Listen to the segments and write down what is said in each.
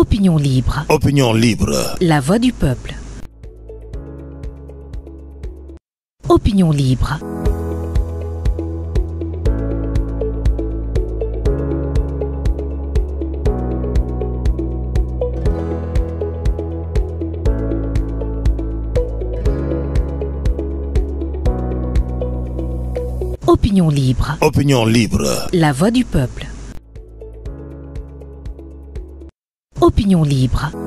Opinion libre. Opinion libre. La voix du peuple. Opinion libre. Opinion libre. Opinion libre. La voix du peuple. Opinion libre.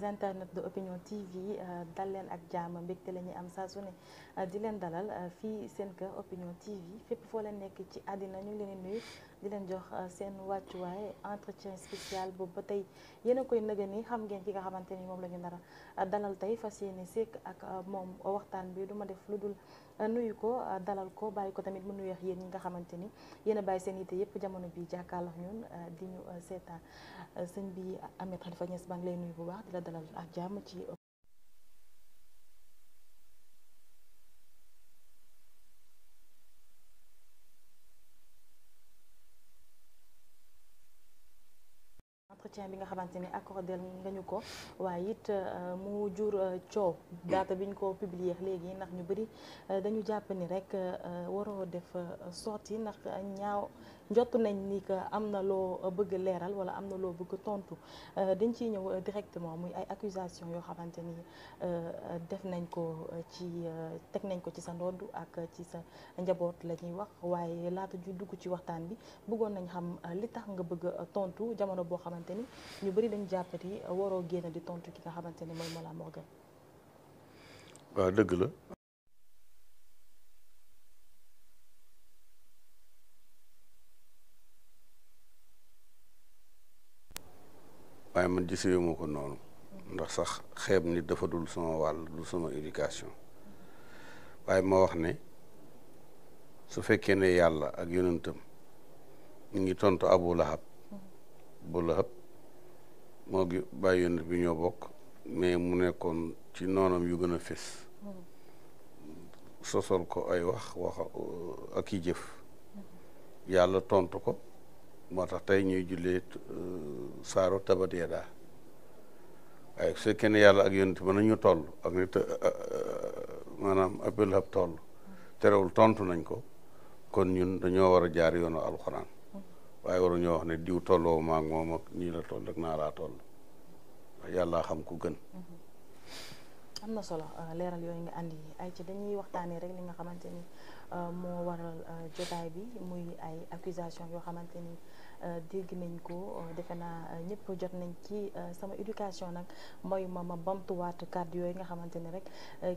chers internautes de Opinion TV euh, dal leen ak jàmm mbégte la ñuy am saa su ne euh, di leen dalal euh, fii seen kër Opinion TV fépp foo leen nekk ci àddina ñu ngi leen di di leen jox seen wàccuwaay entretien spécial boobu ba tey yéen a koy nëgë ni xam ngeen ki nga xamante ni moom la ñu nar dalal tey fas yéene sekk ak moom waxtaan bii du ma def lu dul. nuyu ko dalal ko bàyyi ko tamit mu nuyu yéen ñi nga xamante ni yéen a bàyyi seen yitte yëpp jamono bi jàkkaarloo ñun di ñu seetaan sëñ bi Ahmed Khalifa Niass baa ngi lay nuyu bu baax di la dalal ak jàmm ci entretien bi nga xamante ni accordé nga ñu ko waaye it euh, mu jur euh, coow data bi ñu ko publier léegi ndax ñu bëri euh, dañu jàpp ni rek waroo def sorti ndax ñaaw njott nañ ni que am na loo bëgg leeral wala am na loo bëgg tontu euh, dañ ci ñëw euh, directement muy ay accusation yoo xamante ni euh, def nañ ko ci teg nañ ko ci sa ndodd ak ci sa njaboot la ñuy wax waaye laata ju dugg ci waxtaan bi bëggoon nañ xam li tax nga bëgg tontu jamono boo xamante ni ñu bëri dañ jàppati waroo génn di tontu ki nga xamante ni mooy Mollah Morgun waaw dëgg la gisee mu ko noonu ndax sax xeeb nit dafa dul sama wàll dul sama éducation waaye ma wax ne su fekkee ne yàlla ak yonantam mu ngi tontu abu lahab bu lahab moo gi bàyyi yonent bi ñoo bokk mais mu nekkoon ci noonam yu gën a fés sosol ko ay wax wax uh, ak i jëf yàlla tontu ko moo tax tey ñuy jullee uh, saaru tabat yadaa waaye su fekkee ne yàlla ak yonent ba nañu toll ak nit euh, euh, maanaam appel hab toll terewul tontu nañ ko kon ñun dañoo war a jaar yoonu alxuraan waaye waru ñoo wax ne diw tolloo maag moom ak nii la toll rek naa laa toll yàlla xam ku gën mm-hmm. am na solo euh, leeral yooyu nga andi ay ci dañuy waxtaanee rek li nga xamante ni moo waral jotaay bi muy ay accusation yoo xamante ni Euh, dégg nañ ko euh, defe naa euh, ñëpp jot nañ ci sama éducation nag mooy ma ma bamtuwaat kàddu yooyu nga xamante ne rek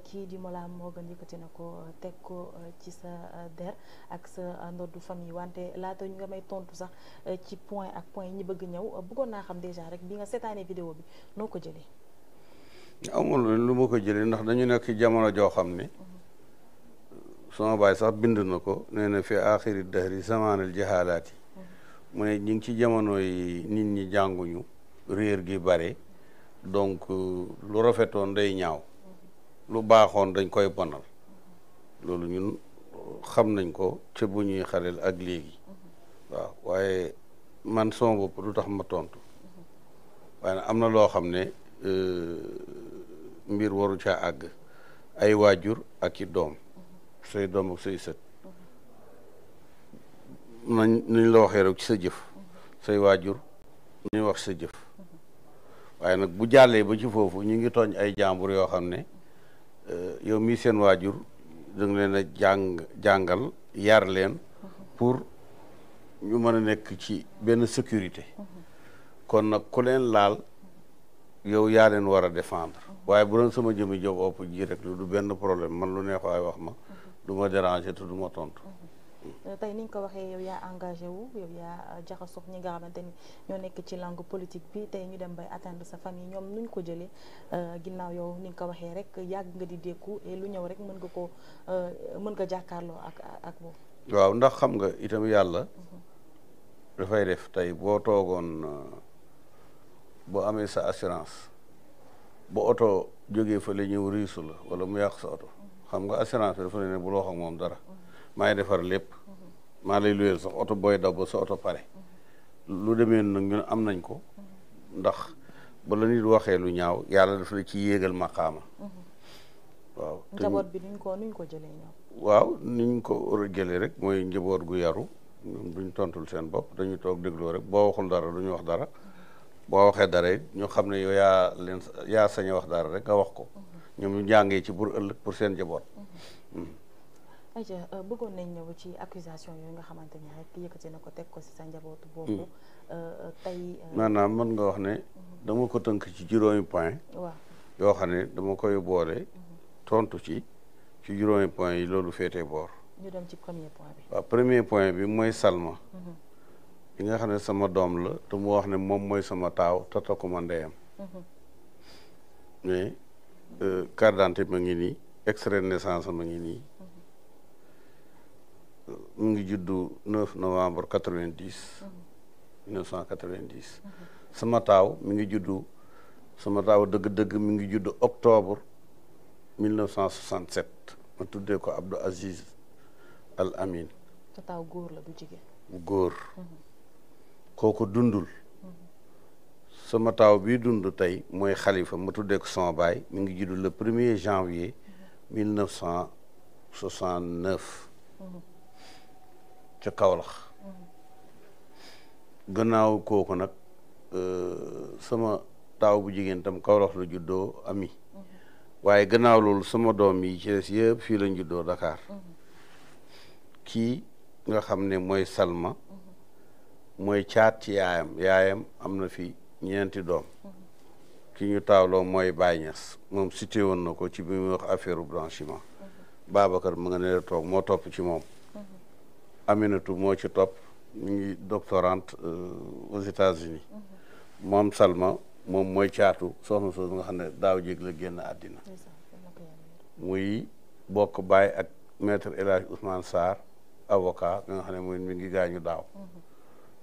kii di Mollah Morgun yëkkati na ko teg ko ci sa der ak sa ndoddu famille wante laata ñu nga may tontu sax ci point ak point ñi bëgg ñëw bëggoon naa xam déjà rek bi nga seetaanee vidéo bi noo ko jëlee. amul lu ma ko jëlee ndax dañu nekk ci jamono joo xam ne mhm. sama baay sax bind na ko nee na fi aaxiri dahri zamaanal jahaalaati mu ne ñu ngi ci jamono yi nit ñi jànguñu réer gi bare donc euh, lu rafetoon day ñaaw lu baaxoon dañ koy bonal loolu ñun xam nañ ko ca bu ñuy xaleel ak léegi waaw waaye man sama bopp du tax ma tontu waaye nag am na loo xam ne euh, mbir waru ca àgg ay waajur ak i doom say doom ak say sët nañ ñu la waxee rek ci sa jëf say waajur ñu wax sa jëf waaye nag bu jàllee ba ci foofu ñu ngi tooñ ay jàmbur yoo xam ne euh, yow mii seen waajur da nga leen a jàng jàngal yar leen pour ñu mën a nekk ci benn sécurité kon nag ku leen laal yow yaa leen war a défendre waaye bu doon sama jëm job opp ji rek lu du benn problème man lu neex waaye wax ma du ma déranger te du ma tontu Tay ya ya, eh, eh, niñ ya eh, ko waxee yow yaa engagé wu yow ya jaxasoog ñi nga xamante ni ñoo nekk ci langue politique bi tey ñu dem bay atteindre sa famille ñoom nuñ ko jëlee ginnaaw yow ni nga ko waxee rek yàgg nga di dékku et lu ñëw rek mën nga ko mën nga jàkkaarloo ak ak moom. waaw ndax xam nga itam yàlla. Mhm. dafay def tey boo toogoon sa assurance ba oto jógee fa la ñëw riisu la wala mu yàq sa oto mhm. xam nga assurance bi dafa ne bu loo xam dara. maay defar lépp maa lay luyeel sax oto booy daw ba sa oto pare lu demee nag ñu am nañ ko ndax ba la nit waxee lu ñaaw yàlla daf la ci yéegal maqaama waaw nuñ ko nuñ ko jëlee jëlee rek mooy njaboot gu yaru ñoom duñ tontul seen bopp dañu toog dégloo rek boo waxul dara duñu wax dara boo waxee dara it ñu xam ne yow yaa leen sañ wax dara rek nga wax ko uhuh. ñoom ñu jàngee ci pour ëllëg pour seen njaboot uhuh. hmm. ayca euh, bëggoon nañ ñëw ci accusation yooyu nga xamante ni rek yëkkati na ko teg ko si sa njabootu boobu hmm. euh, euh, tey maanaam mën nga wax ne mhm. dama ko tënk ci juróomi point waaw yoo xam ne dama koy boole mhm. tontu ci ci juróomi point yi loolu féetee boor premier point bi mooy Salma li mhm. nga xam ne sama doom la te wax ne moom mooy sama taaw te takkuma ndeyam mais carte d'identité ma ngi nii extrait naissance ma ngi nii mu ngi juddu 9 novembre 90. sama taaw mi ngi juddu sama taaw dëgg-dëgg mi ngi juddu octobre 1967 ma tuddee ko Abdou Aziz Al Amin. taaw góor mhm. kooku dundul. Mhm. sama taaw bii dund tey mooy xalifa ma tuddee ko sama baay mi ngi juddu le premier janvier mhm. ca kawlax gannaaw kooku nag euh, sama taaw bu jigéen tam Kaolack la juddoo ami waaye gannaaw loolu sama doom yi ci des yëpp fii lañ juddoo dakaar kii nga xam ne mooy Salma mooy caat ci yaayam yaayam am na fi ñeenti doom ki ñu taawloo mooy Baye Niass moom cité woon na ko ci bi muy wax affaire blanchiment Babacar mu nga ne la toog moo topp ci moom Aminatu moo ci topp mu ngi doctorante euh, aux États-Unis mm-hmm. moom Salma moom mooy caatu soxna soosu nga xam ne daaw jéeg la génn àddina muy bokk baay ak maître El Hadj Ousmane avocat nga xam ne mooy mi ngi gaañu daaw mm-hmm.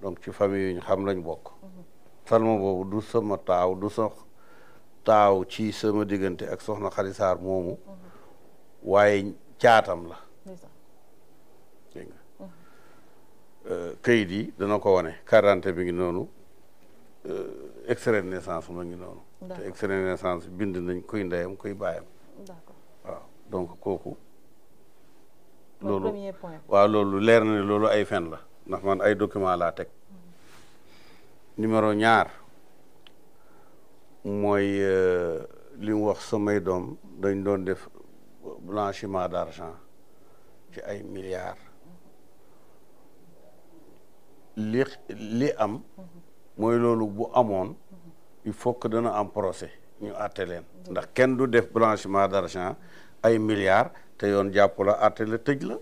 donc ci famille yi xam lañ bokk mm-hmm. Salma boobu du sama taaw du sax taaw ci sama diggante ak soxna Xali Sarr moomu waaye caatam la Euh, kayit yi dana ko wane quarante bi ngi noonu euh, extrait de naissance ma noonu te extrait de naissance bind nañ koy ndeyam koy baayam donc kooku loolu waaw loolu leer na ne loolu ay fen la ndax man ay document laa teg mm-hmm. numéro ñaar mooy euh, li wax samay doom dañ doon def blanchiment d'argent ci ay milliards li li am mooy loolu bu amoon il faut que dana am procès ñu àtte leen ndax kenn du def blanchiment d'argent ay milliards te yoon jàpp la àtte la tëj la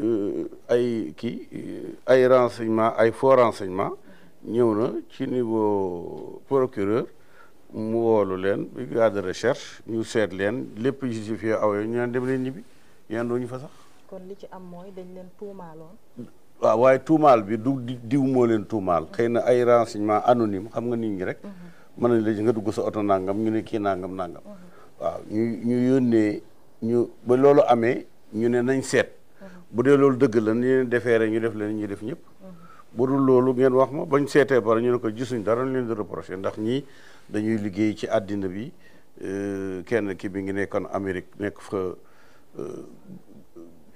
euh, ay ki, euh, ay renseignement ay faux renseignement ñëw na ci niveau procureur mu woolu leen brigade de recherche ñu seet leen lépp justifié aw yooyu ñu leen dem leen ñibbi yéen doo ñu fa sax kon li ci am mooy dañ leen tuumaaloon. waaw waaye tuumaal bi du diw moo leen tuumaal xëy na ay renseignement anonyme xam nga nit ñi rek. Mhm. mën nañ nga dugg sa oto nangam ñu ne kii nangam nangam. Mhm. waaw ñu ñu yónnee ñu ba loolu amee ñu ne nañ seet. Mhm. bu dee loolu dëgg la ni leen defee rek ñu def leen ñu def ñëpp. bu dul loolu ngeen wax ma bañ seetee pare ñu ne ko gisuñ dara ñu leen di ndax ñii dañuy liggéey ci àddina bi euh, kenn ki bi ngi nekkoon Amérique nekk fa. Euh,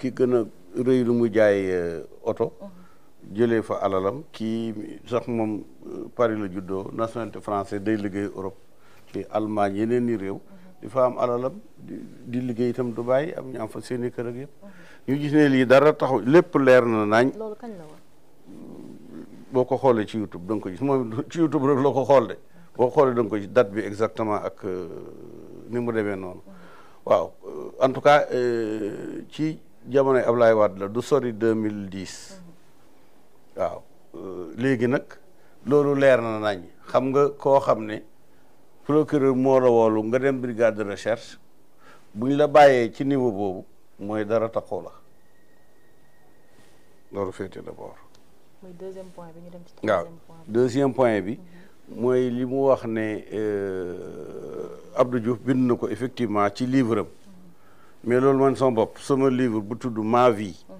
ki gën a rëy lu mu jaay euh, oto mhm. jëlee fa alalam kii sax moom euh, Paris la juddoo nationalité français day liggéey Europe ci Allemagne yeneen ni réew mhm. di fa am alalam di liggéey itam Dubaï am ñu am fa seeni kër ak yëpp mhm. ñu gis ne dara taxaw lépp leer na naañ loolu boo ko xoolee ci YouTube da ko ci YouTube bi exactement ak euh, ni mu demee noonu waaw en tout cas ci jamonoy Ablaye Wade la du sori deux mille dix waaw euh, léegi nag loolu leer na nañ xam nga koo xam ne procureur moo la woolu nga dem brigade de recherche buñ la bàyyee ci niveau boobu mooy dara taxoo la loolu féete d'abord. mooy bi waaw deuxième point bi. Mhm. mooy li mu wax ne euh, Abdou Diouf bind na ko effectivement ci livre mais loolu man sama bopp sama livre bu tudd ma vie mhm.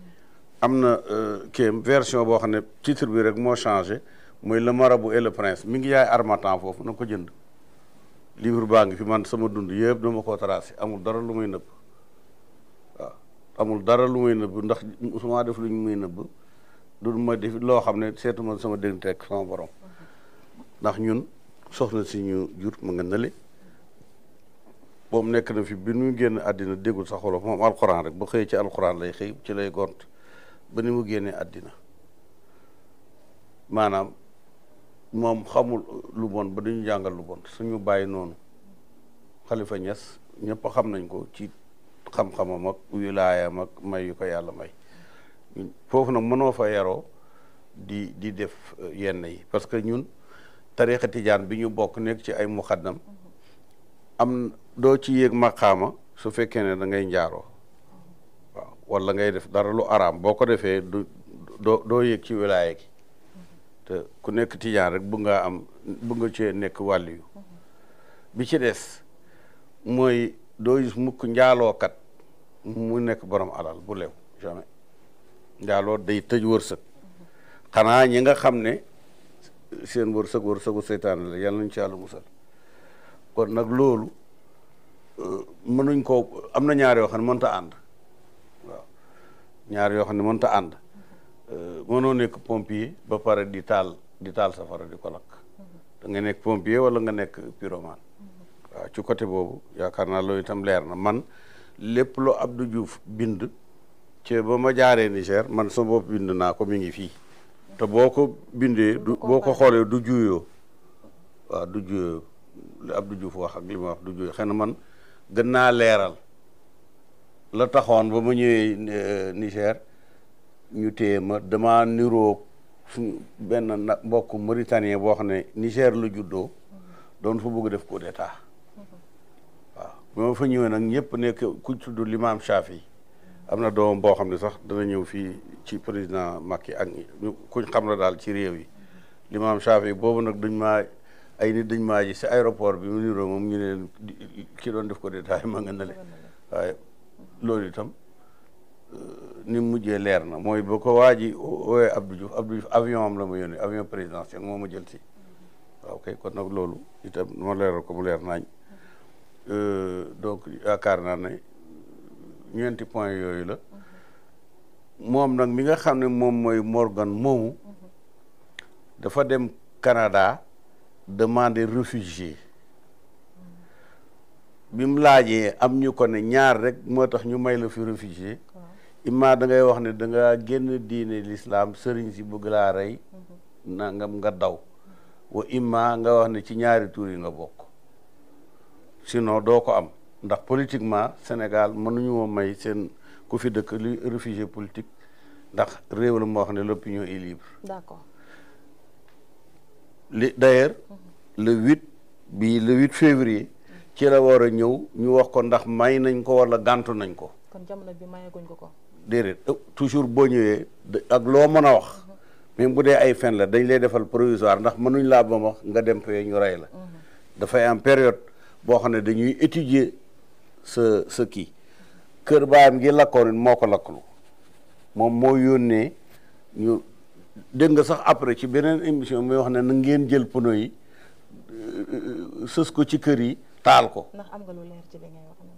am na euh, kii version boo xam ne titre bi rek moo changé mooy le marabout et le prince mi ngi yaay armatan foofu na ko jënd livre baa ngi fi man sama dund yëpp dama ko tracé amul dara lu may nëbb amul dara lu muy nëbb ndax musuma def lu ñu muy nëbb du ma def loo xam ne seetuma sama dégg teg sama borom mhm. ndax ñun soxna si ñu jur mu nga nële moom nekk na fi bi nu génn àddina déggul sax wolof moom alxuraan rek ba xëyee ci alxuraan lay xëy ci lay gont ba ni mu génnee àddina maanaam moom xamul lu bon ba dañu jàngal lu bon suñu bàyyi noonu xalifa ñes ñëpp xam nañ ko ci xam-xamam ak wilaayam ak may yu ko yàlla may foofu nag mënoo fa yaroo di di def yenn yi parce que ñun tarixa tijaan bi ñu bokk nekk ci ay muxaddam am doo ci yéeg maqaama su fekkee ne da ngay njaaroo waaw wala ngay def dara lu araam boo ko defee doo doo yéeg ci wilaaya ki te ku nekk tijaan rek bu nga am bu nga cee nekk wàlliyu bi ci des mooy doo mukk njaaloo kat mu nekk borom alal bu lew njaaloo day tëj wërsëg xanaa ñi nga xam ne seen wërsëg wërsëgu seytaan la yàlla nañ ci yàlla musal kon nag loolu euh, mënuñ ko am na ñaar yoo xam ne mënut a ànd waaw yoo xam ne mënut a ànd euh, mënoo nekk pompier ba pare di taal di taal safara di ko lakk da nga nekk pompier wala nga nekk pyromane waaw ci côté boobu yaakaar naa loolu itam leer na man lépp ab du juuf bind ci ba ma jaaree Niger man sama bopp bind naa ko mi ngi fii te boo ko bindee du boo ko xoolee du juyoo waaw du juyoo Abdou Diouf wax ak li ma wax du juy xëy na man gën naa leeral la taxoon ba ma ñëwee euh, Niger ñu téye ma dama niroog suñu benn na mbokk mauritanien boo xam ne Niger la juddoo doon fu bëgg def coup d'état waaw ba ñëwee nag ñëpp nekk ku tudd l'imam Chafi am na doom boo xam ne sax dana ñëw fii ci président Macky ak ñu kuñ xam la daal ci réew yi l'imam Chafi boobu nag duñ maa ay nit dañ maa ji si aéroport bi mu niroo moom ñu ne leen ki def ko détaillé ma nga na le waaye loolu itam euh, ni mu mujjee leer na mooy ba ko waa ji woowee avion am la ma yónnee avion présidentiel moo ma jël si ok kon nag loolu itam ma leeral ko mu leer naañ euh, donc yaakaar naa ne ñeenti point yooyu la moom nag mi nga xam ne moom mooy Morgan moomu dafa dem Canada demander réfugié bi mu laajee am ñu ko ne ñaar rek moo tax ñu may la fi réfugié imma dangay wax ne danga nga génn diine lislaam sëriñ si bëgg laa rey mhm. nangam nga daw wa imma nga wax ne ci ñaari tuur yi nga bokk sinon doo ko am ndax politiquement Sénégal mënuñu ma may seen ku fi dëkk li réfugié politique ndax réew la moo xam ne l'opinion est libre li d'ailleurs le huit bi le huit février ci la war a ñëw ñu wax ko ndax may nañ ko wala gàntu nañ ko. kon jamono bi mayaguñ ko ko. déedéet euh, toujours boo ñëwee ak loo mën a wax. Mhm. même bu dee ay fen la dañ lay defal provisoire ndax mënuñ laa ba wax nga dem fee ñu rey la. Mhm. dafay am période boo xam ne dañuy étudier sa sa kii. kër baayam ngi lakkoon moo ko lakkalu moom moo yónnee dégg nga sax après ci beneen émission muy wax ne na ngeen jël pono yi euh, sës ko ci kër yi taal ko. ndax am nga wax.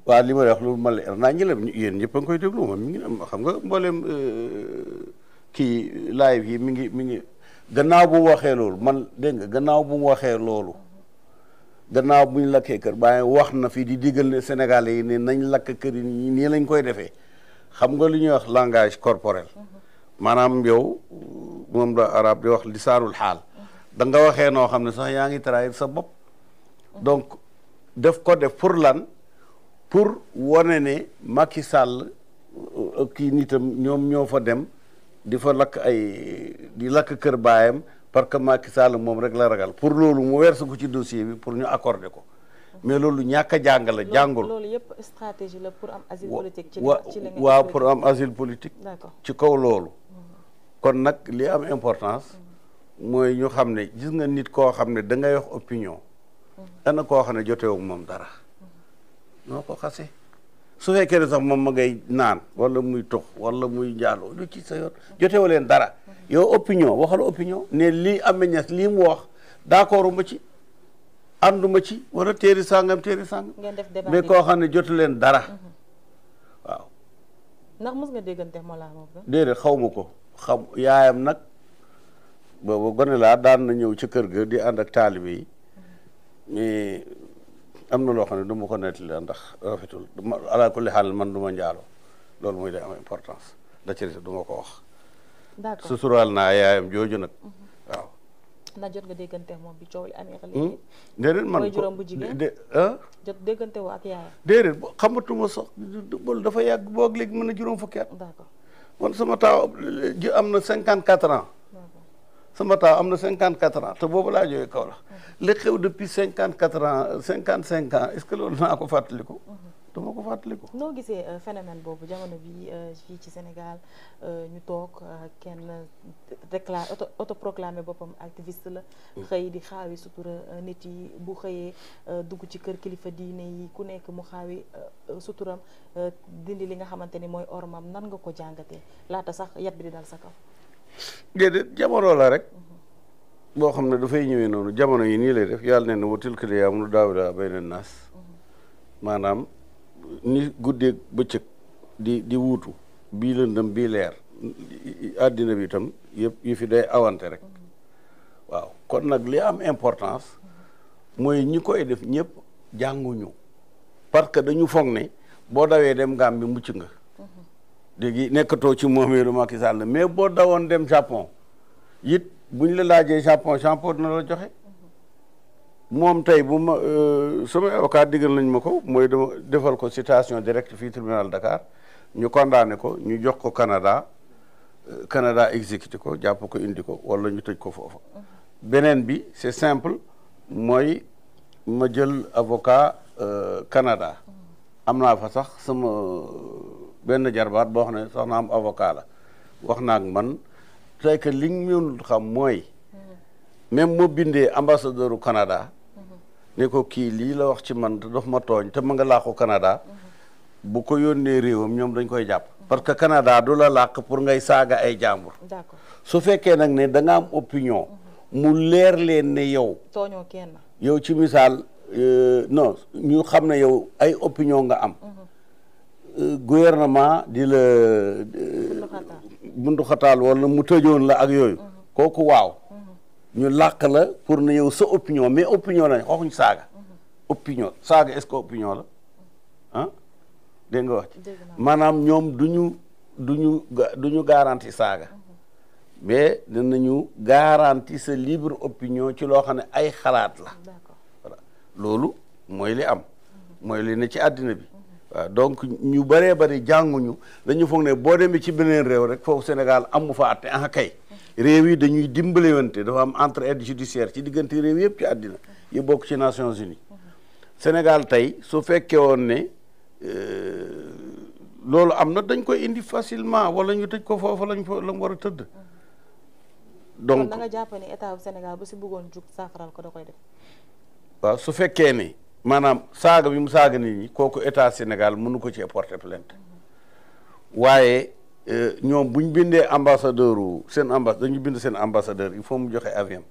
waaw li ma wax lu ma leer naa ñu la yéen ñëpp a ngi koy déglu moom mi ngi am xam nga mboolem euh, kii live yi mi ngi mi ngi gannaaw bu mu waxee loolu man dégg nga gannaaw bu waxee loolu gannaaw bu ñu lakkee kër baaye wax na fi di digal ne Sénégalais yi ne nañ lakk kër yi nii lañ koy defee xam nga lu ñuy wax langage corporel. Mhm. manam yow mom la arab di wax lisarul hal mm-hmm. da nga waxe no xamne sax yaangi trahir sa bop mm-hmm. donc def ko def pour lan pour wane né Macky Sall euh, kii nitam ñom ñofa dem di fa lak ay di lak keur bayam parce que Macky Sall mom rek la ragal pour lolu mu wersu ko ci dossier bi pour ñu accorder ko mais loolu ñàkk a jàng la jàngul loolu yëpp stratégie la pour am asile politique. ci waaw pour am asile politique. ci kaw loolu. Mhm. kon nag li am importance. Mhm. mooy ñu xam ne gis nga nit koo xam ne da ngay wax opinion. Mhm. dana koo xam ne joteewul moom dara. noo su fekkee ne sax moom ma ngay naan wala muy tux wala muy njaaloo lu ci sa leen dara. yow opinion waxal opinion ne lii am na ñes lii mu wax ci. ànduma ci wala téere sàngam téere sàngam mais koo xam ne jotu leen dara mhm. waaw ndax mos nga xaw ma ko xam yaayam nag boobu gone laa daan na ñëw ci kër ga di ànd ak taalibe yi mais am na loo xam ne du ma ko nettali ndax rafetul duma ala xaal man du ma njaalo loolu mooy day am da la ci du ma ko wax suturaal naa yaayam jooju nag mhm. na jot nga déggante moom bi coow li amee léegi. Hmm? déedéet man mooy juróom bu jigéen de jot déggante woo ak yaayam. déedéet xamatuma sax loolu dafa yàgg na juróom fukki at. d'accord man taaw am na cinquante quatre ans. sama taaw am na cinquante quatre ans te boobu laa jógee kaw la. Hmm. li xew depuis cinquante quatre ans cinquante cinq ans est que loolu naa ko fàttaliku. Hmm. dama ko fàttaliku. noo gisee euh, phénomène boobu jamono bi euh, fii ci Sénégal euh, ñu toog kenn déclare auto autoproclamé boppam activiste la. Mm. xëy di xaawi sutura nit yi bu xëyee dugg ci kër kilifa diine yi ku nekk mu xaawi suturam dindi li nga xamante ni mooy ormam nan nga ko jàngatee laata sax yat bi di dal sa kaw. déedéet jamono la rek. Mm-hmm. boo xam ne dafay ñëwee noonu jamono yi nii lay def yàlla ne na wa tilka layaamu nu daawilaa bayna naas mm-hmm. maanaam. ni guddeeg bëccëg di di wuutu bii lëndëm bii leer àddina bi itam yëpp yu fi day awante rek waaw kon nag li am importance mooy ñi koy def ñëpp jànguñu parce que dañu foog ne boo dawee dem Gambie mucc nga léegi nekkatoo ci moomeelu Macky Sall mais boo dawoon dem Japon it buñ la laajee Japon Japon dina la joxe moom tey bu ma euh, sama avocat digal lañ ma ko mooy dama defal ko situation directe fii tribunal Dakar ñu condamné ko ñu jox ko Canada euh, Canada exécuté ko jàpp ko indi ko wala ñu tëj ko foofa beneen bi c'est simple mooy ma jël avocat euh, Canada am naa fa sax sama benn jarbaat boo xam ne sax naa am avocat la wax naa man tey que li ñu xam mooy même moo bindee ambassadeur u Canada ne ko kii lii la wax ci man te dof ma tooñ te ma nga làqu Canada bu ko yónnee réewam ñoom dañ koy jàpp parce que Canada du la làq pour ngay saaga ay jàmbur su fekkee nag ne da nga am opinion mu leer leen ne yow tooñoo kenn yow ci misaal euh, non ñu xam ne yow ay opinion nga am mhm. euh, gouvernement di la euh, bunduxataal wala mu tëjoon la ak yooyu mhm. kooku waaw ñu làq la pour ne yow sa opinion mais opinion lañ xooxuñ saaga opinion saaga est-ce que opinion la ah dégg nga wax ci maanaam ñoom du ñu du ñu garanti saaga mais dinañu garanti sa libre opinion ci loo xam ne ay xalaat la loolu mooy li am mooy li ne ci àddina bi donc ñu bëree bëri jànguñu dañu foog ne boo demee ci beneen réew rek foofu Sénégal amu fa atte ah kay réew yi dañuy dimbalewante dafa am entraide judiciaire ci diggante réew yëpp ci àddina yi bokk ci Nations Unies Sénégal tey su fekkee woon ne euh, loolu am na dañ koy indi facilement wala ñu tëj ko foofa lañ fa la mu war a tëdd. donc da nga jàpp ne si bëggoon jug saafaral ko waaw su fekkee ne maanaam saaga bi mu saaga nit ñi kooku état Sénégal mënu ko ci porter plainte mm-hmm. waaye. Eh, ñoom bu ñu bindee ambassadeur seen ambas dañu bind seen ambassadeur il faut mu joxe avion.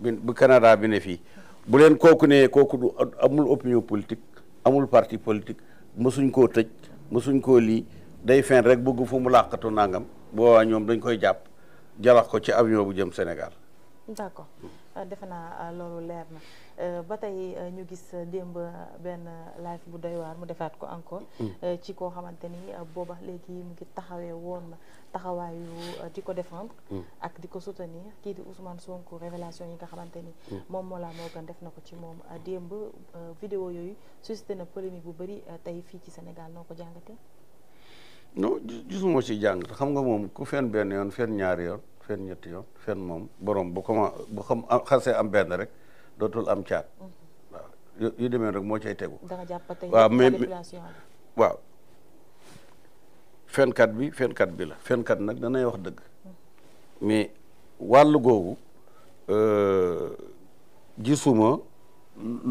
Mm-hmm. bi bu Canada bi ne fii. bu leen kooku ne kooku du amul opinion politique amul parti politique mësuñ koo tëj mësuñ koo lii day fen rek bëgg fu mu làqatu nangam boobaa ñoom dañ koy jàpp jalax ko ci avion bu jëm Sénégal. Euh, ba tey euh, ñu gis euh, démb benn live bu doy waar mu defaat ko encore. Mm. ci koo xamante ni booba léegi mu ngi taxawee woon na taxawaayu di ko défendre. Mm. ak di ko soutenir kii di Ousmane sonk révélation yi nga xamante ni. Mm. moom moo laa moo gën def na ko ci moom démb vidéo yooyu suscité na polémique bu bari tey fii ci Sénégal noo ko jàngatee. non gisuma ci jàng xam nga moom ku fen benn yoon fen ñaari yoon fen ñetti yoon fen moom boroom bu ko bu xam xasee am benn rek. dootul am caat waaw yu demee rek moo cay tegu. waaw mais waaw fenkat bi fenkat bi la fenkat nag danay wax dëgg mais wàllu googu euh, gisuma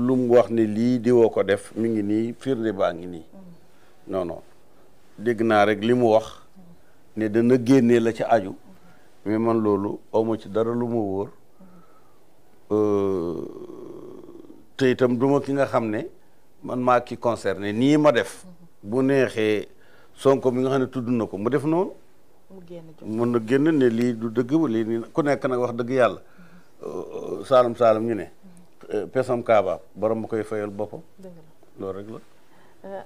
lu mu wax ne lii diwoo ko def mi ngi nii firnde baa ngi nii non non dégg naa rek li mu wax ne dana génnee la ci aju mais man loolu awma ci dara lu ma wóor Euh, te itam du ma ki nga xam ne man maa ki concerné nii ma def bu neexee Sonko mi nga xam ne tudd na ko mu def noonu mën na génn ne lii du dëgg lii nii ku nekk nag wax dëgg yàlla mm-hmm. euh, euh, saalum saalum ñu ne mm-hmm. pesam kaaba borom ma koy fayal boppam loolu rek la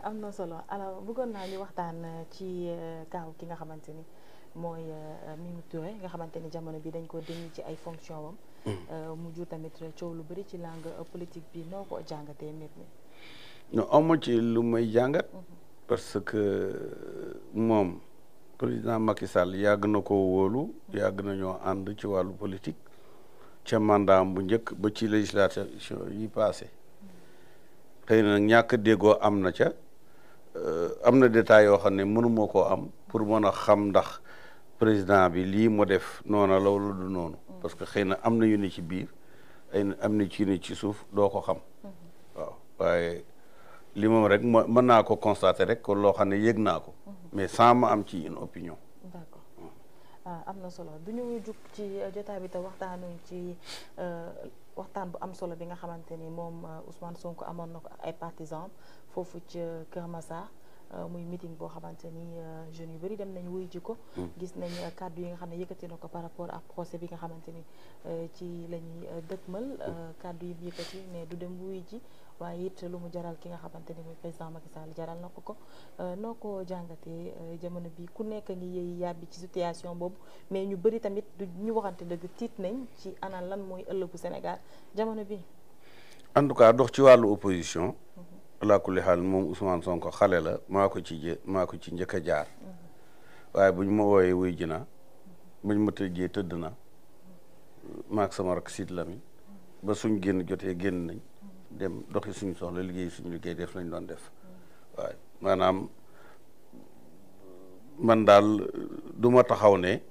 am na solo alors bëggoon naa ñu waxtaan ci kaaw ki nga xamante ni mooy Mimi Touré nga xamante jamono bi dañ ko dénnu ci ay fonction wam Euh, mu jur tamit coow lu bëri ci langue euh, politique bi noo ko jàngatee mbir mi. non amu ci lu may jàngat. Mhm. parce que euh, moom président Macky Sall yàgg na ko wóolu. yàgg nañoo ànd ci wàllu politique. ca mandaam bu njëkk ba ci législation yi passé mhm. xëy na ñàkk déggoo am na ca am na détails yoo xam ne mënuma koo am pour mën a xam ndax président bi lii moo def noona la wala du noonu parce que xëy na am na yu ne ci biir am na ci ne ci suuf doo ko xam mhm. waaw waaye li moom rek mën naa ko constater rek kon loo xam ne yëg naa ko mhm. mais sans ma am ci une opinion d'accord ah, am na solo du ñu jug ci euh, jotaay bi te waxtaanuñ ci euh, waxtaan bu am solo bi nga xamante ni moom euh, Ousmane Sonko amoon na ko ay partisans foofu ci Kër Massar Euh, muy meeting boo xamante ni euh, jeunes yu bëri dem nañ wuy ji ko. Hmm. gis nañ euh, kàddu yi nga xam ne yëkkati na ko par rapport ak procès bi nga xamante ni ci la ñuy dëgmal hmm. kàddu yi yëkkati ne du dem wuy ji waaye it lu mu jaral ki nga xamante ni muy président Macky Sall jaral na ko ko noo ko jàngatee jamono bi ku nekk ngi yëy yàbbi ci situation boobu mais ñu bëri tamit du ñu waxante dëgg tiit nañ ci ana lan mooy ëllëgu Sénégal jamono bi. en tout cas dox ci wàllu opposition. Hmm. ala kulli xaal moom Ousmane Sonko xale la maa ko ci jë maa ko ci njëkk a jaar waaye buñ ma wooyee wuy ji na buñ ma tëjee tëdd na maak sama rak siit la mi ba suñ génn jotee génn nañ dem doxi suñ soxla liggéey suñ liggéey def lañ doon def waaye maanaam man daal du ma taxaw ne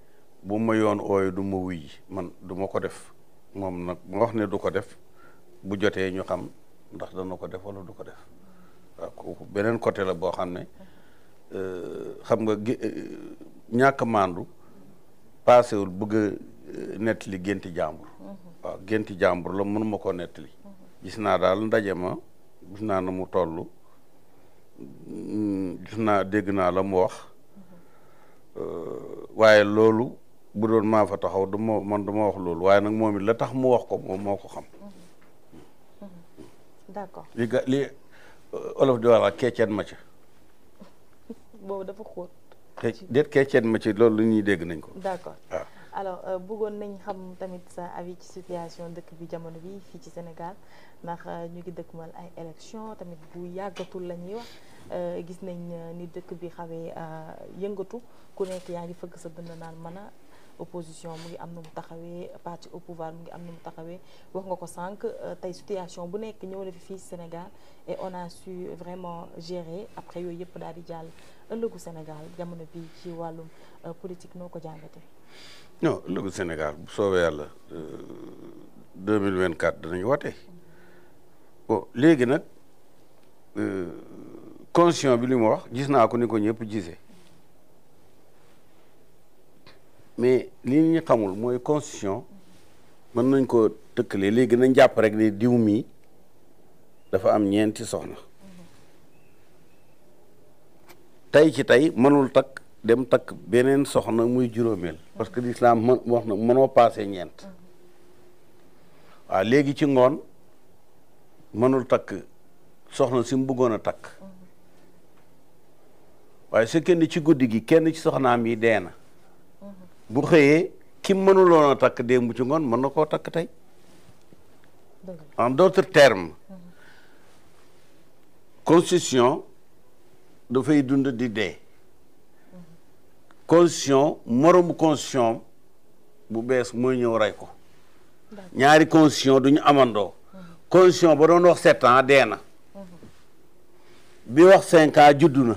bu ma yoon ooyu du ma wuy man duma ko def moom nag ma wax ne du ko def bu jotee ñu xam ndax dana ko def wala du ko def beneen côté la boo xam ne euh, xam nga euh, ñàkk a maandu paasewul bëgg a euh, nettali génti jàmbur mm-hmm. waaw génti jàmbur la mënuma koo nettali mm-hmm. gis naa daal ndaje ma gis naa na mu toll mm, gis naa dégg naa la mu wax mm-hmm. waaye loolu bu doon maa fa taxaw du ma man du ma wax loolu waaye nag moom it la tax mu wax ko moom moo ko xam d'accord li ga li euh, olof di wala kecceen ma ci boobu dafa xóot déet kecceen ma ci loolu lu ñuy dégg nañ ko d'accord waaw ah. alors euh, bëggoon nañ xam tamit sa avis ci situation dëkk bi jamono bi fii ci Sénégal ndax euh, ñu ngi dëkkmal ay élection tamit bu yàggatul la ñuy wax gis nañ ni dëkk bi xawee yëngatu ku nekk yaa ngi fëgg sa dënd naan mën opposition mu ngi am na mu parti au pouvoir mu ngi am na mu wax nga ko sànq euh, tey situation bu nekk ñëw na fi fii Sénégal et on a su vraiment gérer après yooyu yëpp daal di jàll Sénégal jamono bi ci walum euh, politique noo ko jàngatee. non ëllëgu Sénégal bu soobee yàlla 2024 euh, danañu wote bon léegi nag. conscient bi li mu wax gis naa ko ni ñëpp gisee mais lii ñu xamul mooy constition mën nañ ko tëkkalee léegi nañ jàpp rek ne diw mii dafa am ñeenti soxna tey ci tey mënul takk dem takk beneen soxna muy juróomeel parce que l'islam mën wax na mënoo passé ñeent waaw léegi ci ngoon mënul takk soxna si mu bëggoon a takk waaye su kenn ci guddi gi kenn ci soxnaam yi dee na bu xëyee kim mënuloon a takk démb ci ngoon mën na koo takk tey en d'autres termes constitution dafay dund di dee constitution moromu constitution bu bees mooy ñëw rey ko ñaari constitution duñu amandoo constitution ba doon wax sept ans dee na mhm. bi wax cinq ans juddu na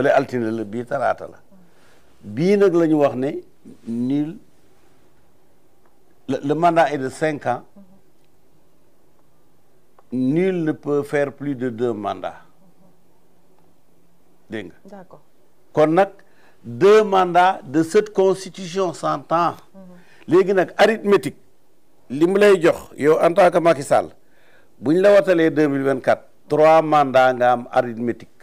altine la bi tarata la le mandat est de 5 ans nul ne peut faire plus de deux mandats d'accord kon nak deux mandats de cette constitution s'entend légui nak arithmétique lim lay jox yow en tant que Macky Sall la watalé 2024 trois mandats nga am arithmétique.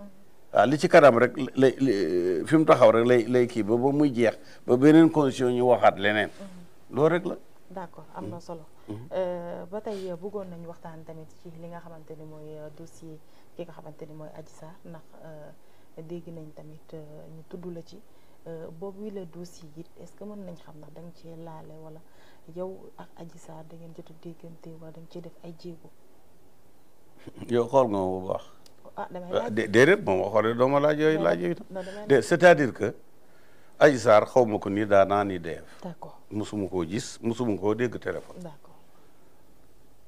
waaw li ci kanam rek lay fi mu rek lay lay kii ba ba muy jeex ba beneen condition ñu waxaat leneen mm-hmm. loolu rek la d'accord am na mm-hmm. solo mm-hmm. Euh, ba tey bëggoon nañu waxtaan tamit ci li nga xamante ni mooy euh, dossier ki nga xamante ni mooy Adji Sarr ndax euh, dégg nañ tamit ñu tudd la ci boobu la dossier it est-ce que mën nañ xam ndax da cee laale wala yow ak Adji Sarr da ngeen jot a déggante wala da cee def ay jéego yow xool nga bu baax ah damay euh, laaj déedéet moom waxoon ne dooma laaj yooyu laaj c'est-à-dire que Adji Sarr xaw ma ko nii daa naa ni def d'accord musuma koo gis musuma koo dégg téléphone d'accord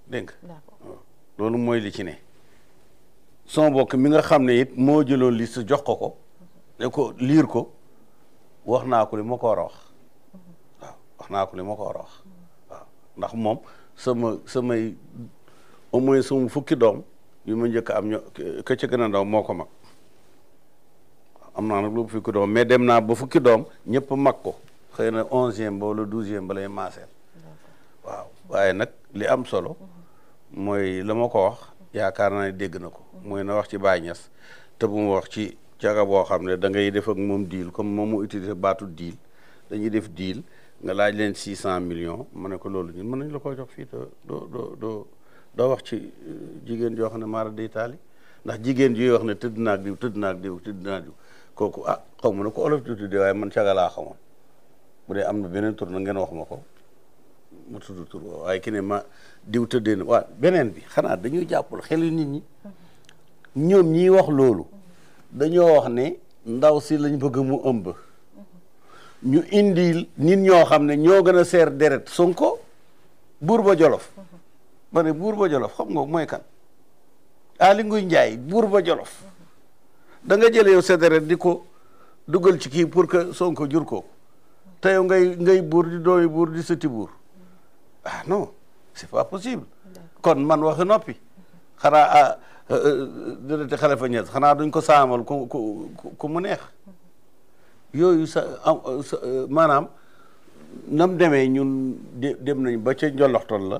dégg nga loolu mooy li ci ne son mbokk mi nga xam ne it moo jëloon liste jox ko ko ne ko liir ko wax naa ko li ma ko war wax mm-hmm. wax naa ko li ma ko a wax ndax moom sama samay au moins sama fukki doom yu ma njëkk am ño ka ca gën a ndaw moo ko mag am naa nag lu fukki doom mais dem naa ba fukki doom ñëpp mag ko xëy na onzième ba wala douzième ba lay maaseel waaw waaye nag li am solo mooy la ma ko wax yaakaar naa ne dégg na ko mooy na wax ci Baay Ñas te bu mu wax ci ca boo xam ne da ngay def ak moom diil comme moom mu utilisé baatu diil dañuy def diil nga laaj leen six cent millions ma ne ko loolu ñun mën nañ la ko jox fii te doo doo doo doo wax ci euh, jigéen joo xam ne maara day taali ndax jigéen ji wax na tëdd naag diw tëdd naag diw tëdd naag diw kooku ah xaw ma ne ko olof di tuddee waaye man caga laa xamoon am na beneen tur na ngeen wax ma ko mu tudd tur waaye ki ne ma diw tëddee na waaw beneen bi xanaa dañuy jàppal xelu nit ñi ñoom ñiy wax loolu dañoo wax ne ndaw si lañ bëgg mu ëmb ñu indi nit ñoo xam ne ñoo gën a seer deret Sonko buur ba Jolof ma buur ba jolof xam nga mooy kan Aly Ngouille njaay buur ba jolof da nga jële yow sedere di ko dugal ci kii pour que Sonko jur ko te yow ngay ngay buur di doomi buur di sëti buur ah non c'est pas possible kon man waxi noppi xanaa ah euh, euh, dédete Khalifa Niass xanaa duñ ko saamal ku ku ku mu neex yooyu sa euh, maanaam nam demee ñun dem nañ ba ca njoloxtoon la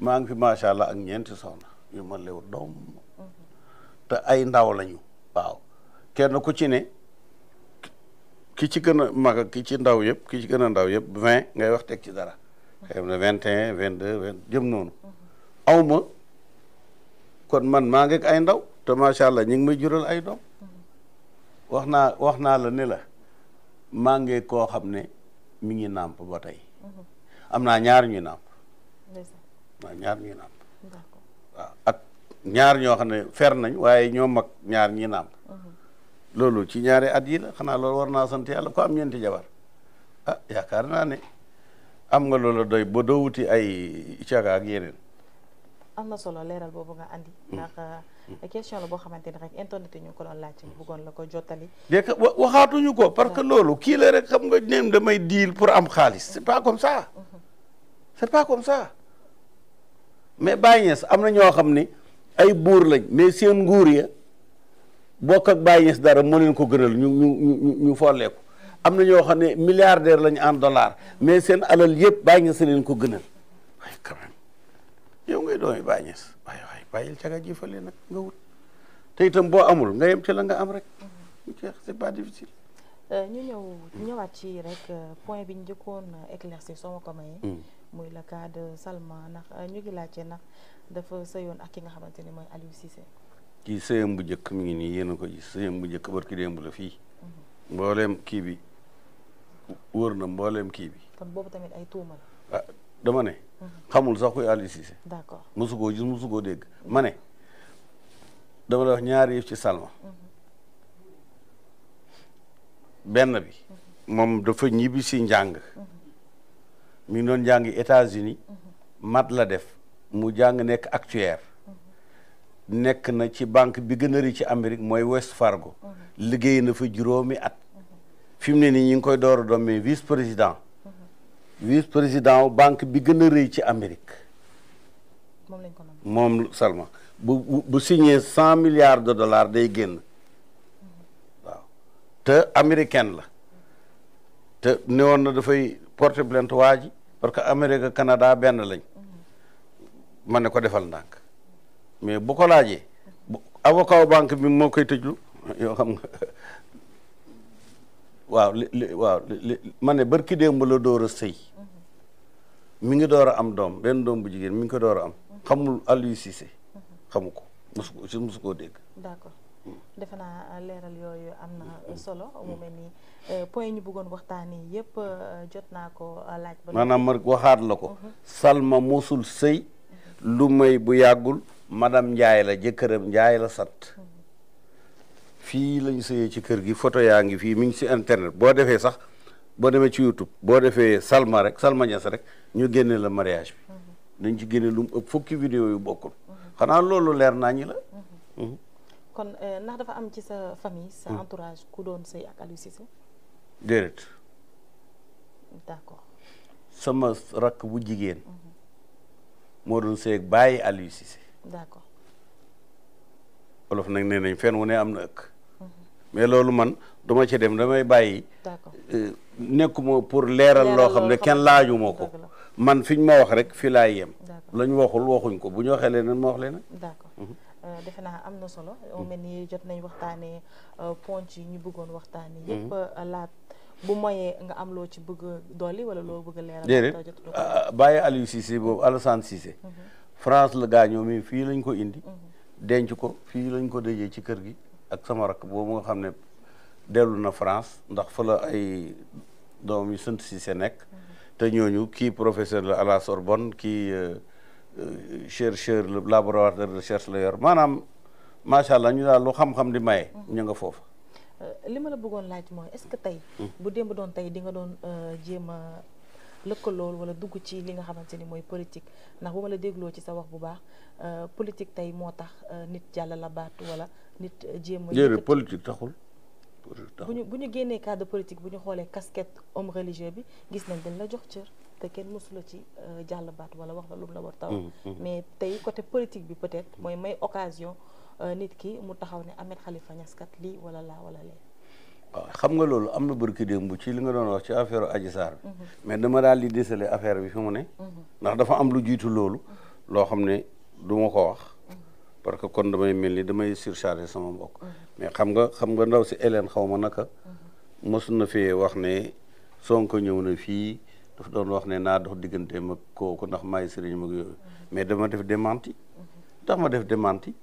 mang ngi fi macha allah ak ñeenti soxna yu ma lew doom te ay ndaw lañu waaw kenn ku ci ne ki ci gën a mag ak ki ci ndaw yëpp ki ci gën a ndaw yëpp vingt ngay wax teg ci dara xam ne vingt et un vingt deux vingt jëm noonu aw ma kon man maa ngi ay ndaw te macha allah ñu ngi may jural ay doom wax naa wax naa la ne la maa ngi koo xam ne mi ngi nàmp ba tey am naa ñaar ñuy nàmp waaw ñaar ñuy nàmp waaw ak ñaar ñoo xam ne fer nañ waaye ñoo mag ñaar ñi nàmp loolu ci ñaari at yi la xanaa loolu war naa sant yàlla ko am ñeenti jabar a ah, yaakaar naa ne am nga loola doy ba doo wuti ay caga ak yeneen am na solo leeral boobu nga andi ndax hmm. question la boo xamante rek internet ñu ko doon laajte bëggoon la ko jottali dégg waxaatuñu ko parce que loolu kii la rek xam nga neem damay diil pour am xaalis c'est pas comme ça hmm. mais Baye Niass am na ñoo xam ne ay buur lañ mais seen nguur ya bokk ak Baye Niass dara moo leen ko gënal ñu ñu ñu ñu folleeku am na ñoo xam ne milliardaire lañ en dollar mais seen alal yëpp Baye Niass leen ko gënal waaye quand même yow ngay doomi Baye Niass waaye waaye bàyyil caga ji nag nga wut te itam boo amul nga yem ci nga am rek euh, ñu ñëw ñëwaat ci rek euh, point bi ñu njëkkoon euh, éclaircir soo ko mayee hmm. muy le cas de Salma ndax euh, ñu ngi laajte ndax dafa sëyoon ak ki nga xamante ni mooy Aliou Cissé. kii sëyam bu njëkk mi ngi nii yéen ko gis sëyam bu njëkk barki démb la fii. Mhm. mbooleem kii bi wër na mbooleem kii bi. kon boobu tamit ay tuuma la. ah dama ne. Mhm. xamul sax kuy Aliou Cissé. d'accord mosu koo gis ma ne dama la wax ñaari ci Salma. Mhm. benn bi. moom dafa ñibbi si njàng. mi ngi doon jàngi unis mat la def mu jàng nekk actuaire nekk na ci banque bi gën a ci Amérique mooy West Fargo liggéey na fa juróomi at fi mu ne nii ñu ngi koy door a doon mais vice président vice président banque bi gën a rëy ci Amérique moom Salma bu bu signé de dollars day génn te américaine la te ne woon na dafay porter plainte waa parce que Amérique ak Canada benn lañ man ne ko defal ndànk mais bu ko laajee avocat banque bi moo koy tëjlu yoo xam nga waaw li li waaw li ma ne barki démb la door a sey mi ngi door a am doom benn doom bu jigéen mi ngi ko door a am xamul Aliou Cissé xamu ko musu ko koo dégg defe naa leeral yooyu am na solo mu ni euh, point yi ñu bëggoon waxtaanee yépp euh, jot naa ko euh, laaj. maanaam ma waxaat la ko. Mhm. Salma mosul sëy lu may bu yàggul madam Ndiaye la jëkkëram Ndiaye la sat mhm. fii lañu sëyee ci kër gi photo yaa ngi fii mi ngi si internet boo defee sax boo demee ci YouTube boo defee Salma rek Salma Niass rek ñu génne la mariage bi. dañ mhm. ci génne lu mu ëpp yu bokkul. xanaa loolu leer naa ñi kon euh, ndax dafa am ci sa famille. sa hmm. entourage ku doon sëy ak Aliou Cissé. déedéet. sama rakk bu jigéen. Mhm. moo doon sëy ak bàyyi Aliou Cissé. d'accord. olof nag nee nañ fenn wu ne am na ëkk. Mhm. mais loolu man duma ci dem damay bàyyi. d'accord euh, nekkuma pour leeral loo xam ne kenn laaju moo ko. man fi ñu ma wax rek fi laay yem. lañ waxul waxuñ ko bu ñu waxee leneen ma wax leneen. Euh, defe naa am na solo. moo hmm. mel ni jot nañ waxtaanee euh, ponc yi ñu bëggoon waxtaan hmm. yëpp euh, laat bu moyee nga am loo ci bëgg a dolli loo bëgg a leeral. déedéet ah, bàyyi Aliou Cissé boobu Alassane Cissé. Hmm. France la gaañoo mi fii lañ ko indi. denc ko fii lañ ko dëjee ci kër gi ak sama rakk boobu nga xam ne dellu na France ndax foo la ay doom yu sant Cissé nekk. te ñooñu kii professeur la à la kii. chercheur laboratoire de recherche la yor maanaam macha allah ñu daal lu xam-xam di maye. ñu nga foofu. Euh, li ma la bëggoon laaj mooy est-ce que tey. Hmm. bu démb doon tey di nga doon euh, jéem a lëkkalool wala dugg ci li nga xamante ni mooy politique ndax bu ma la dégloo ci sa wax bu baax euh, politique tey moo tax nit jàll la baat wala nit. jéem a yëkkati politique taxul. bu ñu bu ñu génnee cadre politique bu ñu xoolee casquette homme religieux bi gis nañ dañ la jox cër. te kenn mësula ci euh, jàll baat wala wax la lu mu la war taw mm, mm. mais tey côté politique bi peut mooy may occasion euh, nit ki mu taxaw ne Ahmed Khalifa Niass kat lii wala laa wala lee ah, xam nga loolu am na barki démb ci li nga doon wax ci affaire Adji Sarr bi mm-hmm. mais dama daal di déceler affaire fi mu ne mm-hmm. ndax dafa am lu jiitu loolu mm-hmm. loo xam ne du ma ko wax parce que kon damay mel ni damay surcharger sama mbokk mais xam nga xam nga ndaw si Hélène xaw ma naka mos na fee wax ne Sonko ñëw na fii dafa doon wax ne naa dox diggante mag kooku ndax maay sëriñ mag yooyu mais dama def démenti ndax ma def démenti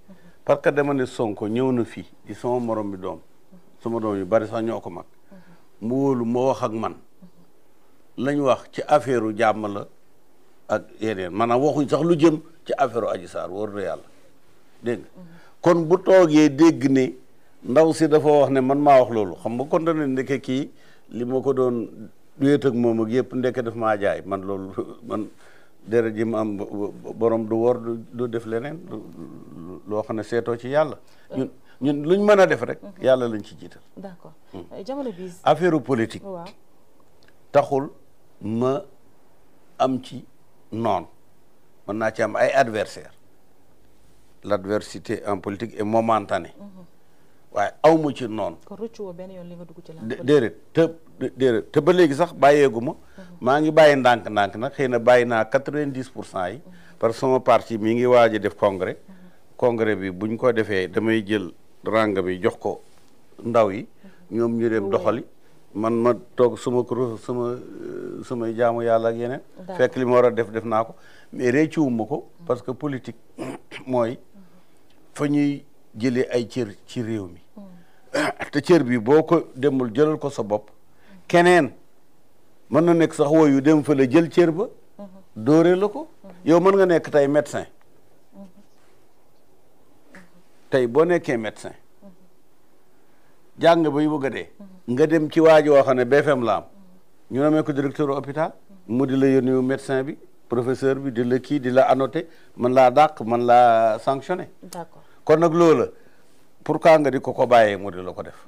parce que dama ne Sonko ñëw na fii di sama morom bi doom sama doom yu bari sax ñoo ko mag mu wóolu moo wax man lañ wax ci affaire u jàmm la ak yeneen a waxuñ sax lu jëm ci affaire u Adji Sarr wóor yàlla dégg kon bu toogee dégg ne ndaw si dafa wax ne man maa wax loolu xam nga kon ndeke kii li ma ko doon wéet ak moom ak yëpp ndekk def maa jaay man loolu man deret ji ma am borom du woor du def leneen loo xam ne seetoo ci yàlla ñun ñun luñ mën a def rek yàlla luñ ci jiital d'accord hmm. euh, jamono affaire politique waaw taxul ma am ci noon mën naa ci am ay adversaire l'adversité en politique est momentanée mhm. waaye aw ma ci noonu. kon rëccuwoo benn yoon te ba léegi sax bàyyeegu ma. Mhm. maa ngi bàyyi ndànk-ndànk na xëy na bàyyi naa quatre-vingt-dix pour cent yi. Mhm. parce que sama parti mi ngi waaj a def congrès. Mhm. congrès bi bu ko defee damay jël rang bi jox ko ndaw yi. ñoom ñu dem doxali. man ma toog suma kuréel sama euh, samay jaamu yàlla ak yeneen. fekk li ma war a def def naa ko mais réccuwuma ko. parce que politique mooy fa ñuy. jëlee ay cër ci réew mi te cër bi boo ko demul jëlal ko sa bopp keneen mën na nekk sax woyu dem fa la jël cër ba dooree ko yow mën nga nekk tey médecin tey boo nekkee médecin jàng ba yu bëgg a dee nga dem ci waa ji woo ne BFM la am ñu namee ko directeur hôpital mu di la yónni médecin bi professeur bi di la kii di la annoté man laa dàq man laa sanctionné kon nag loola pourquoi nga di ko ko bàyyee mu di la ko def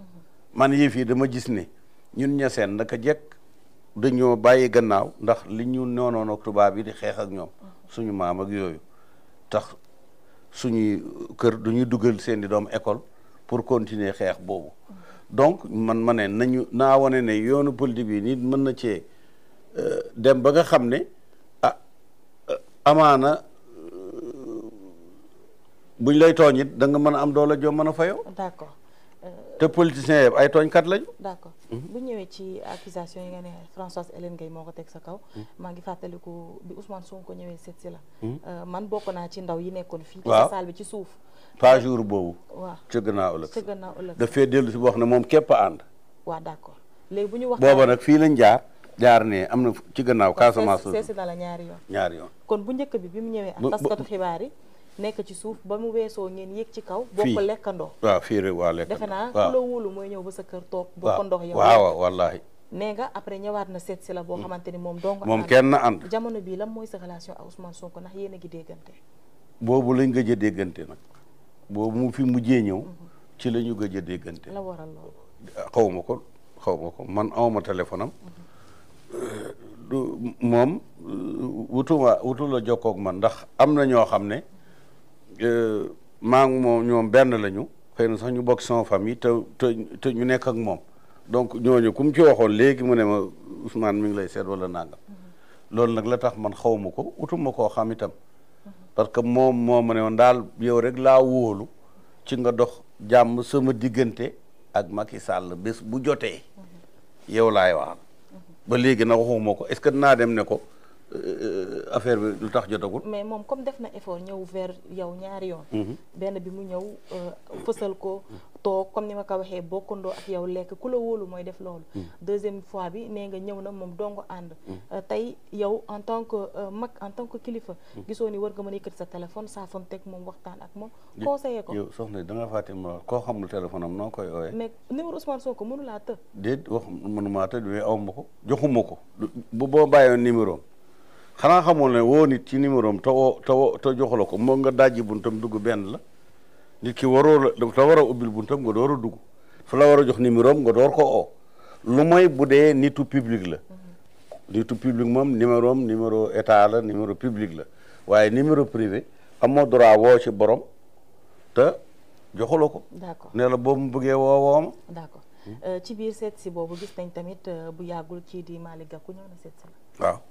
man yëf fii dama gis ne ñun ñaseen naka jekk dañoo bàyyi gannaaw ndax li ñu noonoon ak tubaab yi di xeex ak ñoom suñu maam ak yooyu tax suñu kër duñu dugal seen di doomu école pour continuer xeex boobu donc man ma ne nañu naa wane ne yoonu politique bi nit mën na cee euh, dem ba nga xam ne ah euh, amaana buñ lay tooñ it mën a am doole joo mën a fayoo. d'accord te politiciens yëpp ay tooñkat lañu. d'accord mhm. bu ñëwee ci accusation yi nga ne Françoise Hélène Gueye moo ko teg sa kaw. Mhm. maa ngi fàttaliku bi Ousmane Sonko ñëwee seet la. Mhm. Euh, man bokk naa ci ndaw yi nekkoon fii. waaw ci ci suuf. trois jours boobu. waaw ca gannaaw ëllëg ca gannaaw ëllëg. dafay dellu si wax ne moom képp a ànd. waaw d'accord léegi bu ñu wax. booba nag fii lañ jaar. jaar ne am na ci gannaaw Casamance. seesi na la ñaari yoon ñaari yoon. kon bu njëkk bi bi mu ñëwee ak taskatu xibaar yi nekk ci suuf ba mu weesoo ngeen yéeg ci kaw. fii bokk lekkandoo. waaw naa ku mooy ñëw ba sa kër toog. ndox yow waaw wallaahi. nga après ñëwaat na seet si hmm. ni moom. dong moom kenn ànd jamono bii lan mooy sa relation ak Ousmane Sonko ndax yéen a ngi déggante. boobu lañ gëj a déggante nag boobu mu fi mujjee ñëw. Hmm. ci la ñu gëj a déggante. la ma ko xaw ma ko man awma téléphone am. Hmm. Euh, moom euh, wutuma wutu la jokkoog man ndax am na ñoo xam ne. Euh, maa ngi moom ñoom benn lañu xëy na sax ñu bokk sama famille te ñu nekk ak moom donc ñooñu ku ci waxoon léegi mu ne ma Ousmane mi ngi lay seet wala nangam mm-hmm. loolu nag la tax man xaw ko utuma koo xam itam parce que moom moo ma ne woon daal yow rek laa wóolu ci nga dox jàmm sama diggante ak Macky Sall bés bu jotee mm-hmm. yow laay waxal mm-hmm. ba léegi nag waxuma ko est-ce que naa dem ne ko. Euh, affaire bi lu tax jotagul. mais moom comme def na effort ñëw ver yow ñaari yoon. Mhm. benn bi mu ñëw euh, fësal ko toog comme ni ma ko waxee bokkandoo ak yow lekk ku la wóolu mooy def loolu. Mhm. deuxième fois bi nee nga ñëw na moom dong ànd. Mhm. Euh, tey yow en tant que mag en tant que kilifa. gisoo ni war nga mën a yëkkati sa téléphone saa fa teg moom waxtaan ak moom. conseiller ko yow soxna da nga fàtte ma koo xamul téléphone am noo koy ooyee. mais numéro Ousmane Sonko mënu laa wax mënu maa tëj mais ko joxuma ko. bu boo bàyyoon numéro xanaa xamoon ne woo nit ci numéro am te ko moo nga dajji buntam dugg benn la nit ki waroo la te war a ubbil buntam nga door a dugg fu la war jox numéro nga door ko oo lu mooy bu nitu public la nitu public moom numéro am état la numéro public la waaye numéro privé amoo droit woo borom te joxula ko d'accord ne la boobu mu euh, ci biir seet si boobu gis nañ tamit euh, bu yàggul ci di Malick Gakou ñëw na si la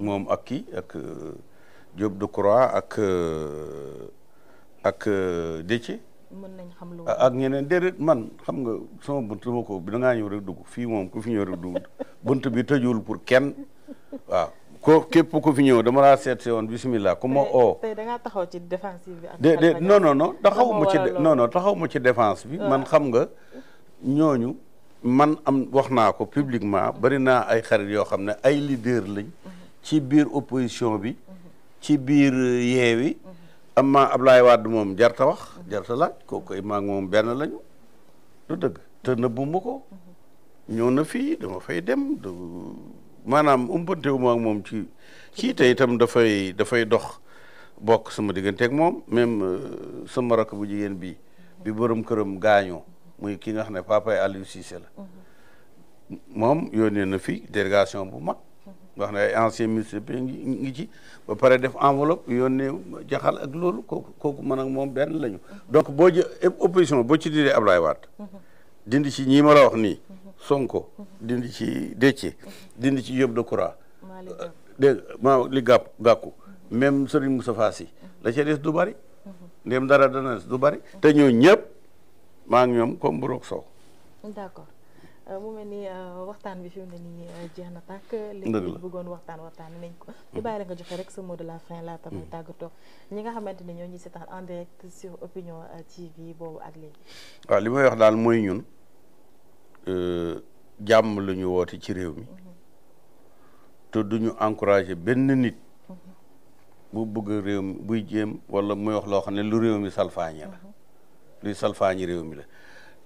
moom ak kii ak euh, Diop Decroix ak euh, ak euh, Déthié. mën nañ xam ak ñeneen déedéet man xam nga sama bunt ma ko da ngaa ñëw rek dugg fii moom ku fi ñëw rek dugg bunt bi tëjuwul pour kenn waaw ko képp ku fi ñëw dama laa seet si woon bisimilah ku ma oo. tey da ngaa taxaw ci défensive bi. déedéet non ci non taxaw ma ci défense bi. man ah. xam nga ñooñu man am wax naa ko publiquement bari naa ay xarit yoo xam ne ay leader lañ. Mm-hmm. ci biir opposition bi ci biir euh, yeewi amma Ablaye Wade moom jarta wax jarta laaj kooku maa ngi moom benn lañu du dëgg te nëbbu ma ko na fi dama fay dem maanaam umpante wu moom ci kii te itam dafay dox bokk sama digganteek moom même euh, sama rakk bu jigéen bi bi borom këram gaaño muy ki nga xam ne papa Aliou Cissé la mmh. moom yónnee na fi délégation bu mag nga xam ne ay ancien ministre bi ngi ci ba paré def enveloppe yónnee jaxal ak lolu koku man ak mom ben lañu donc bo je opposition bo ci diré Ablaye wat dindi ci ñi ma la wax ni Sonko dindi ci déccé dindi ci de croix de ma li gap gaku même Serigne Moustapha Sy la ci dess du bari ndem dara dana du bari te ñoo ñep ma ak ñom comme bu d'accord Euh, mu mel ni euh, waxtaan bi fi mu ne nii euh, jeex na takk dëgg la léegi waxtaan waxtaan nañ ko. di mhm. a la nga joxe rek sa mot de la fin la tamit mhm. tàggatoo ñi nga xamante ne ñoo ñu seetaan en direct sur Opinion TV boobu ak léegi. waaw li may wax daal mooy ñun jàmm la ñu ci réew mi. Mhm. te du ñu benn nit. bu bëgg réew mi buy jéem wala muy wax loo xam ne lu réew mi salfaañe la. luy salfaañi réew mi la.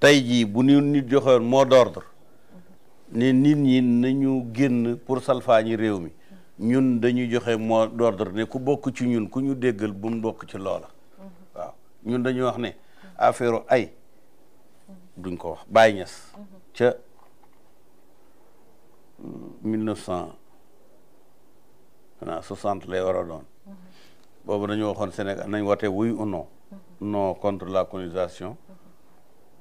tey jii bu ñu nit joxewoon mot d'ordre ne nit ñi nañu génn pour salfaañi réew mi ñun dañuy joxe mot d'ordre ne ku bokk ci ñun ku ñu déggal bu mu bokk ci loola waaw ñun dañuy wax ne affaire ay duñ ko wax Baye Niass ca mille neuf cent soixante lay war a boobu dañu waxoon Sénégal nañ wootee oui ou non contre la colonisation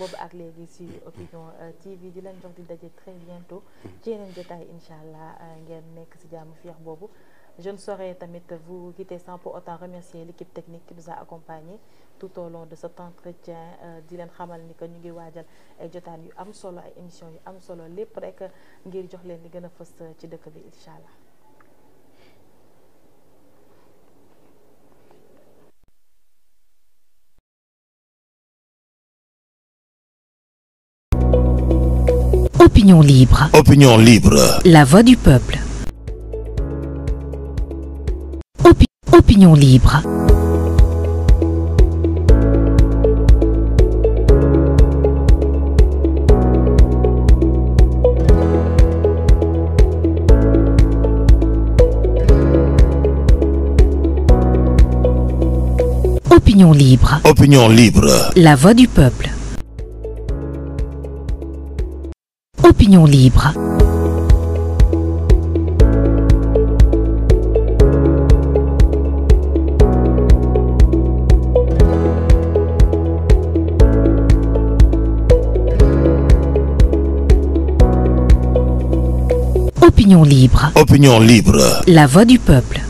Bob ak léegi Opinion euh, TV di leen jox di dajé très bientôt mm-hmm. ci yeneen jotaay inshallah allah euh, ngeen nekk si jàmm fiix boobu je ne saurais tamit vous quitter sans pour autant remercier l'équipe technique qui nous a accompagnés tout au long de cet entretien euh, di leen xamal ni que ñu ngi waajal ay yu am solo ay émission yu am solo lépp rek ngir jox leen li gëna a ci dëkk bi inshallah Opinion libre. Opinion libre. La voix du peuple. opinion libre. Opinion libre. Opinion libre. La voix du peuple. Opinion libre. Opinion libre. Opinion libre. La voix du peuple.